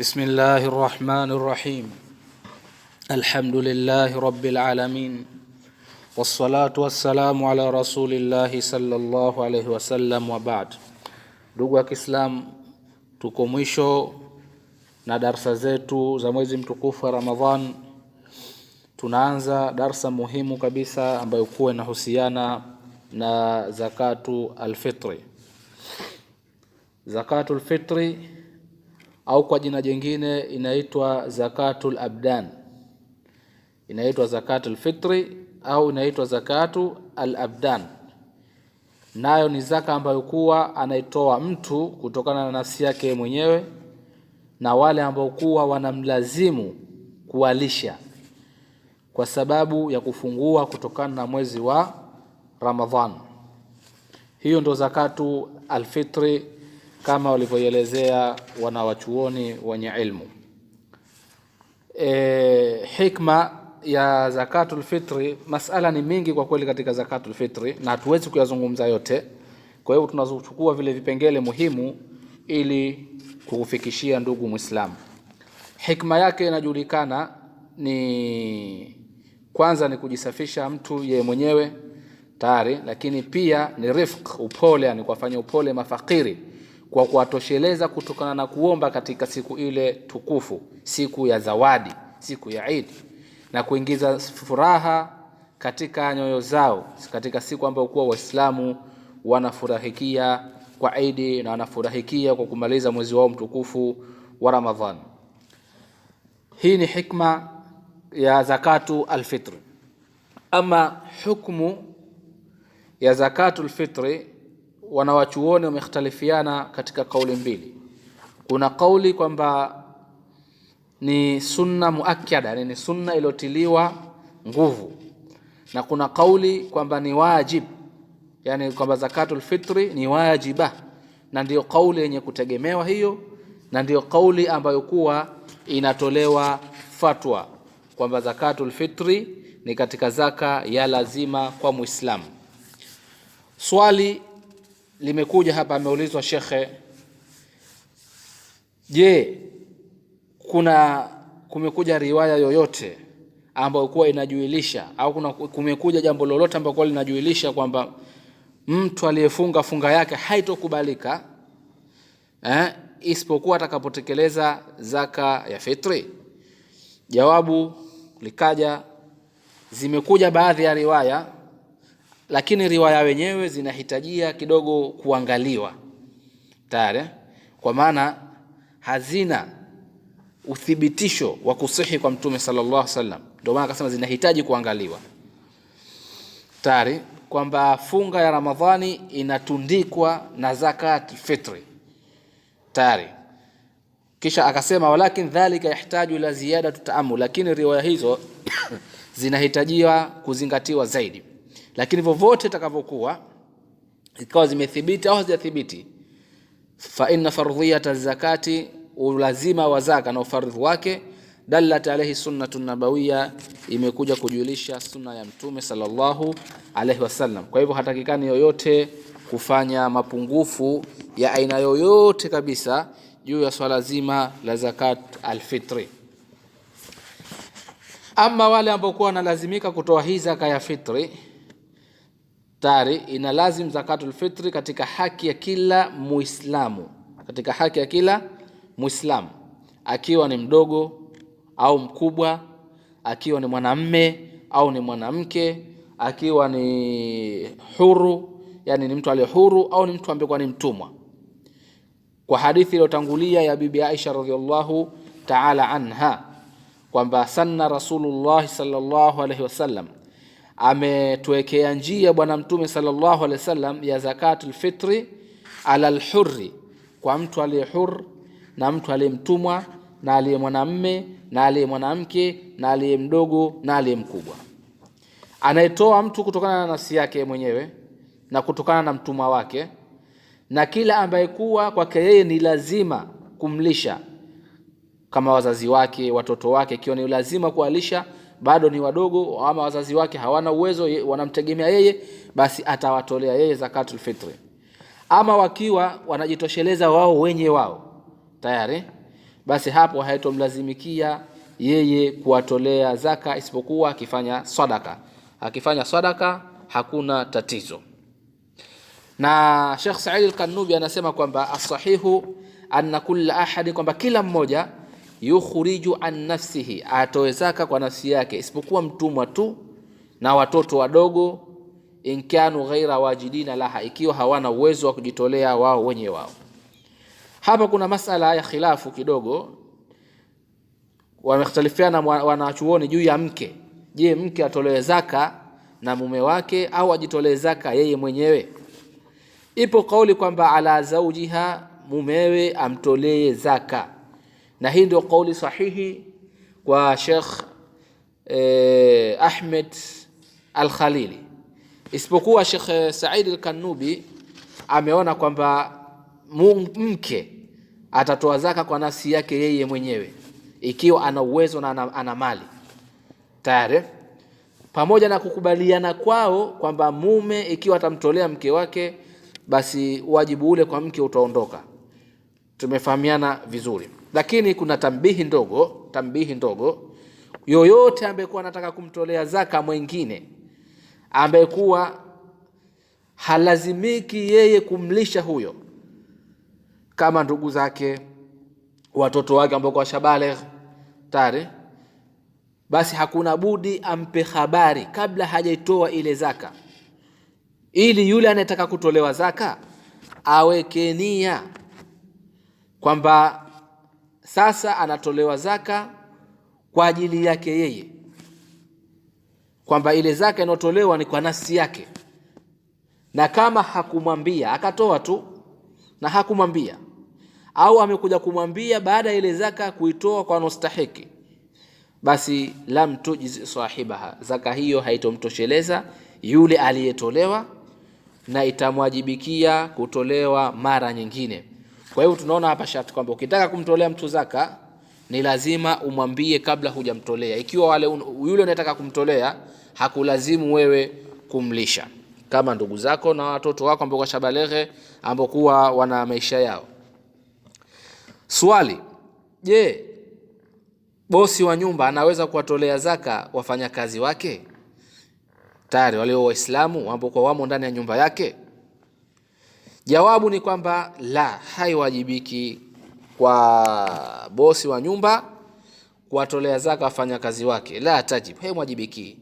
بسم الله الرحمن الرحيم الحمد لله رب العالمين والصلاة والسلام على رسول الله صلى الله عليه wasallam wa baad. Ndugu tuko mwisho na darsa zetu za mwezi mtukufu wa Ramadhan. Tunaanza darsa muhimu kabisa ambayo kuwa inahusiana na zakatu alfitri. Zakatu alfitri au kwa jina jingine inaitwa zakatul abdan, inaitwa zakatul fitri au inaitwa zakatu al abdan, nayo ni zaka ambayo kuwa anaitoa mtu kutokana na nafsi yake mwenyewe na wale ambao kuwa wanamlazimu kuwalisha kwa sababu ya kufungua kutokana na mwezi wa Ramadhan. Hiyo ndo zakatu alfitri kama walivyoelezea wanawachuoni wenye ilmu. E, hikma ya zakatul fitri, masala ni mingi kwa kweli katika zakatul fitri na hatuwezi kuyazungumza yote. Kwa hiyo tunazochukua vile vipengele muhimu ili kukufikishia ndugu Muislamu. Hikma yake inajulikana ni kwanza ni kujisafisha mtu ye mwenyewe tayari, lakini pia ni rifq, upole, ni kuwafanya upole mafakiri kwa kuwatosheleza kutokana na kuomba katika siku ile tukufu, siku ya zawadi, siku ya Eid, na kuingiza furaha katika nyoyo zao katika siku ambayo kuwa Waislamu wanafurahikia kwa Eid na wanafurahikia kwa kumaliza mwezi wao mtukufu wa Ramadhan. Hii ni hikma ya zakatu alfitri. Ama hukmu ya zakatu alfitri wanawachuoni wamekhtalifiana katika kauli mbili. Kuna kauli kwamba ni sunna muakkada, yani ni sunna iliyotiliwa nguvu, na kuna kauli kwamba ni wajib, yani kwamba zakatul fitri ni wajiba, na ndiyo kauli yenye kutegemewa hiyo, na ndiyo kauli ambayo kuwa inatolewa fatwa kwamba zakatul fitri ni katika zaka ya lazima kwa Muislamu. Swali limekuja hapa, ameulizwa shekhe, je, kuna kumekuja riwaya yoyote ambayo kuwa inajuilisha au kuna kumekuja jambo lolote ambalo kwa linajuilisha kwamba mtu aliyefunga funga yake haitokubalika eh, isipokuwa atakapotekeleza zaka ya fitri? Jawabu likaja, zimekuja baadhi ya riwaya lakini riwaya wenyewe zinahitajia kidogo kuangaliwa tayari, eh? kwa maana hazina uthibitisho wa kusihi kwa Mtume sallallahu alaihi wasallam. Ndio maana akasema zinahitaji kuangaliwa tayari, kwamba funga ya Ramadhani inatundikwa na zakat fitri tayari. Kisha akasema walakin dhalika yahtaju ila ziyada tutaamu, lakini riwaya hizo zinahitajia kuzingatiwa zaidi. Lakini vovote takavyokuwa ikawa zimethibiti au hazijathibiti, fa inna fardhiyata zakati, ulazima wa zaka na ufardhi wake, dallat alayhi sunnatu nabawiya, imekuja kujulisha sunna ya Mtume sallallahu alayhi wasallam. Kwa hivyo hatakikani yoyote kufanya mapungufu ya aina yoyote kabisa juu ya swala zima la zakat alfitri. Ama wale ambao kwa wanalazimika kutoa hii zaka ya fitri tari ina lazim zakatul fitri katika haki ya kila Muislamu, katika haki ya kila Muislamu, akiwa ni mdogo au mkubwa, akiwa ni mwanamme au ni mwanamke, akiwa ni huru, yani ni mtu aliye huru au ni mtu ambaye ni mtumwa. Kwa hadithi iliyotangulia ya Bibi Aisha radhiallahu ta'ala anha kwamba sanna Rasulullah sallallahu alaihi wasallam ametuwekea njia Bwana Mtume sallallahu alaihi wasallam ya zakatul fitri ala lhuri, kwa mtu aliye hur na mtu aliyemtumwa na aliye mwanamme na aliye mwanamke na aliye mdogo na aliye mkubwa, anayetoa mtu kutokana na nafsi yake mwenyewe na kutokana na mtumwa wake na kila ambaye kuwa kwake yeye ni lazima kumlisha, kama wazazi wake, watoto wake, ikiwa ni lazima kuwalisha bado ni wadogo ama wazazi wake hawana uwezo, wanamtegemea yeye, basi atawatolea yeye zakatul fitri. Ama wakiwa wanajitosheleza wao wenye wao tayari, basi hapo haitomlazimikia yeye kuwatolea zaka, isipokuwa akifanya sadaka. Akifanya sadaka hakuna tatizo. Na Sheikh Said al-Kanubi anasema kwamba asahihu anna kulla ahadi, kwamba kila mmoja yukhriju an nafsihi, atoe zaka kwa nafsi yake, isipokuwa mtumwa tu na watoto wadogo, inkanu ghaira wajidina laha, ikiwa hawana uwezo wa kujitolea wao wenye wao. Hapa kuna masala ya khilafu kidogo, wamekhtalifiana wanachuoni juu ya mke. Je, mke atolewe zaka na mume wake au ajitolee zaka yeye mwenyewe? Ipo kauli kwamba ala zaujiha, mumewe amtolee zaka na hii ndio kauli sahihi kwa Sheikh eh, Ahmed Al-Khalili, isipokuwa Sheikh Said Al-Kanubi ameona kwamba mke atatoa zaka kwa nafsi yake yeye mwenyewe ikiwa ana uwezo na ana, ana mali tayari, pamoja na kukubaliana kwao kwamba mume ikiwa atamtolea mke wake basi wajibu ule kwa mke utaondoka. Tumefahamiana vizuri. Lakini kuna tambihi ndogo, tambihi ndogo, yoyote ambekuwa anataka kumtolea zaka mwingine ambekuwa halazimiki yeye kumlisha huyo, kama ndugu zake, watoto wake ambao kwa shabaligh tayari, basi hakuna budi ampe habari kabla hajaitoa ile zaka, ili yule anayetaka kutolewa zaka aweke nia kwamba sasa anatolewa zaka kwa ajili yake yeye, kwamba ile zaka inayotolewa ni kwa nafsi yake, na kama hakumwambia akatoa tu na hakumwambia au amekuja kumwambia baada ya ile zaka kuitoa kwa anostahiki, basi lam tujiz sahibaha, zaka hiyo haitomtosheleza yule aliyetolewa, na itamwajibikia kutolewa mara nyingine. Kwa hiyo tunaona hapa sharti kwamba ukitaka kumtolea mtu zaka ni lazima umwambie kabla hujamtolea, ikiwa wale yule unataka kumtolea hakulazimu wewe kumlisha, kama ndugu zako na watoto wako ambao kashabaleghe, ambao kuwa wana maisha yao. Swali: je, bosi wa nyumba anaweza kuwatolea zaka wafanyakazi wake tayari walio Waislamu ambao kwa wamo ndani ya nyumba yake? Jawabu ni kwamba la, haiwajibiki kwa bosi wa nyumba kuwatolea zaka wafanyakazi wake, la tajib, haimwajibiki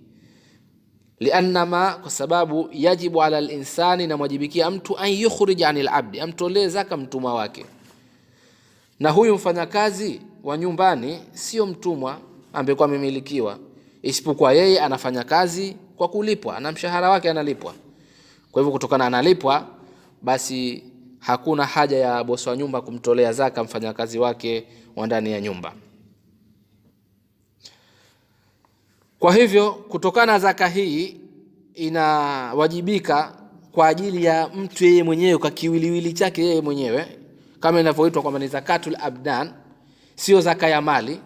liannama, kwa sababu yajibu ala linsani, namwajibikia mtu an yukhrija ani labdi, amtolee zaka mtumwa wake. Na huyu mfanyakazi wa nyumbani sio mtumwa ambekuwa amemilikiwa, isipokuwa yeye anafanya kazi kwa kulipwa, ana mshahara wake analipwa. Kwa hivyo kutokana analipwa basi hakuna haja ya bosi wa nyumba kumtolea zaka mfanyakazi wake wa ndani ya nyumba. Kwa hivyo, kutokana na zaka hii inawajibika kwa ajili ya mtu yeye mwenyewe kwa kiwiliwili chake yeye mwenyewe, kama inavyoitwa kwamba ni zakatul abdan, sio zaka ya mali.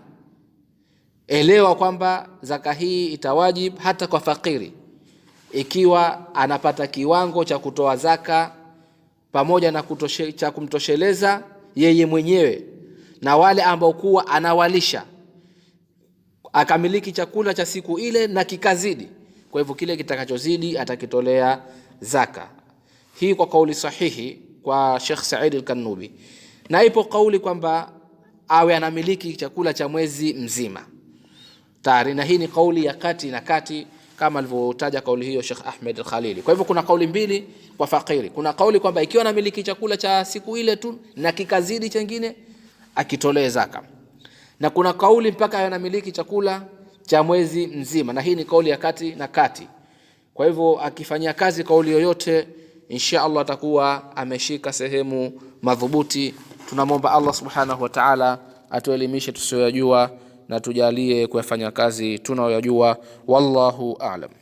Elewa kwamba zaka hii itawajib hata kwa fakiri ikiwa anapata kiwango cha kutoa zaka pamoja na kutoshe, cha kumtosheleza yeye mwenyewe na wale ambao kuwa anawalisha, akamiliki chakula cha siku ile na kikazidi. Kwa hivyo kile kitakachozidi atakitolea zaka. Hii kwa kauli sahihi kwa Sheikh Said al-Kanubi, na ipo kauli kwamba awe anamiliki chakula cha mwezi mzima tari, na hii ni kauli ya kati na kati kama alivyotaja kauli hiyo Sheikh Ahmed Al-Khalili. Kwa hivyo kuna kauli mbili kwa fakiri. Kuna kauli kwamba ikiwa anamiliki chakula cha siku ile tu na kikazidi chengine akitolee zaka, na kuna kauli mpaka anamiliki chakula cha mwezi mzima, na hii ni kauli ya kati na kati. Kwa hivyo akifanyia kazi kauli yoyote, insha Allah atakuwa ameshika sehemu madhubuti. Tunamwomba Allah subhanahu wa ta'ala atuelimishe tusiyoyajua na tujalie kuyafanya kazi tunayoyajua. Wallahu aalam.